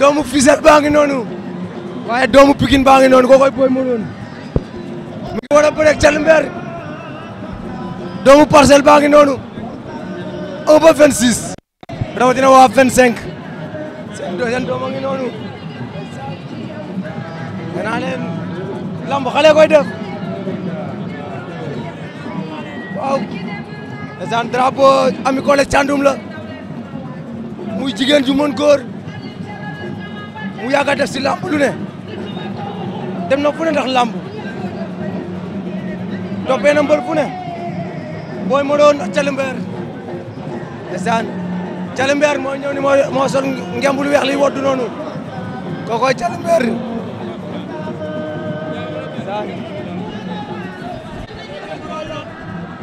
doomu Fissel baa ngi noonu waaye doomu Pikine baa ngi noonu kookoy Boy Maroon mu ngi war a bëreeg doomu Parcelles baa ngi noonu un ba vingt six waa vingt cinq seen seen ngi noonu danaa leen lamb xale koy def waaw ndeysaan drapeau ami collège Thiandoum la muy jigéen ju mën mu yàgg a def si làmb lu ne dem na fu ne ndax làmb na mbër fu ne booy ma doon calimbeer ndeysaan calimbeer moo ñëw moo sol ngemb weex li woddu noonu kookoy calimbeer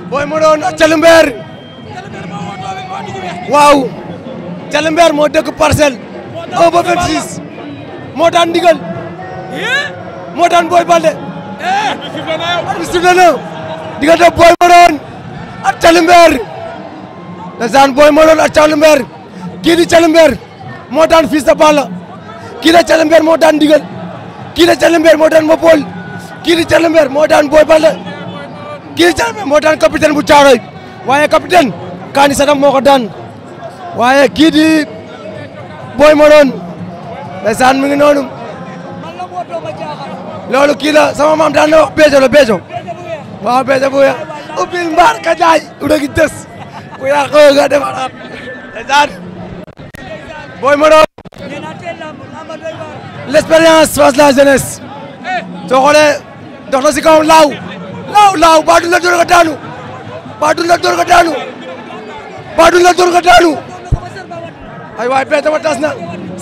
booy ma doon calimbeer waaw calimbeer moo dëkk parcelle 1 ba 26 moo daan ndigal. Eh? moo daan Boy Balde. Eh? arbitre sifflé na diggante Boy Maroon ak Calimber. ndeysaan Boy Maroon ak Calimber kii di Calimber moo daan Fils de Balla kii di Calimber moo daan ndigal kii di Calimber moo daan Mopol kii di Calimber moo daan Boy Balde kii di Calimber moo daan capitaine bu Caaroy waaye capitaine Kani Sadam moo ko daan waaye kii di Boy Maroon ndeysaan mi ngi noonu loolu kii sama maam daan na beejo la beejo waaw beejo bu weex ubbil mbaar ka jaay udo gi des ku yàqoo nga defaraat ndeysaan booy ma l'expérience face la jeunesse soo xoolee dox na si kaw laaw laaw laaw baa dul la door nga daanu baa dul la door nga daanu baa dul la door nga daanu ay beejo ma tas na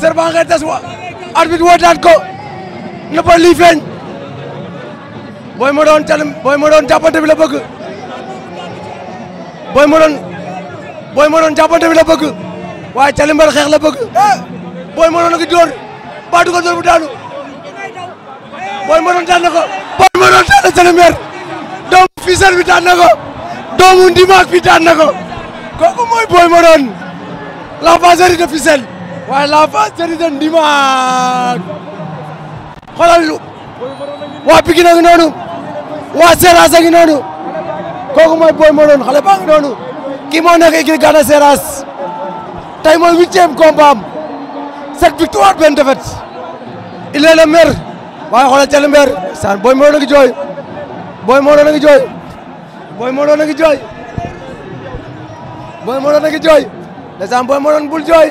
serban ngay tas wa arbitre wootaat ko na ba booy ma doon tan la bëgg booy ma booy ma doon jàppante la bëgg waaye calimbal xeex la bëgg eh, booy ma doon a ngi dóor ba du ko dóor bu daanu booy ma doon na ko booy ma daan na calimbal doomu fisal bi daan na ko doomu ndimaak bi daan na ko kooku mooy booy ma doon la vacherie de Fissel waa la face Cetizen dimanche xoolal waa Pikine a ngi noonu waa Seras a ngi noonu kooku mooy Boy Maroon xale baa ngi noonu kii moo nekk écurie Gana Seras mooy huitième combat am sept victoire benn défaite il est le maire waaye xoolal saan Boy Maroon a ngi jooy Boy Maroon ngi jooy Boy Maroon ngi jooy Boy Maroon Boy Maroon bul jooy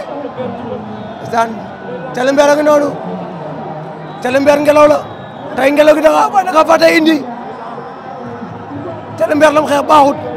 saan Calimbeer a ngi noonu Calimbeer ngelaw la tey ngelaw gi dafa dafa fàtte indi Calimbeer lam xeex baaxut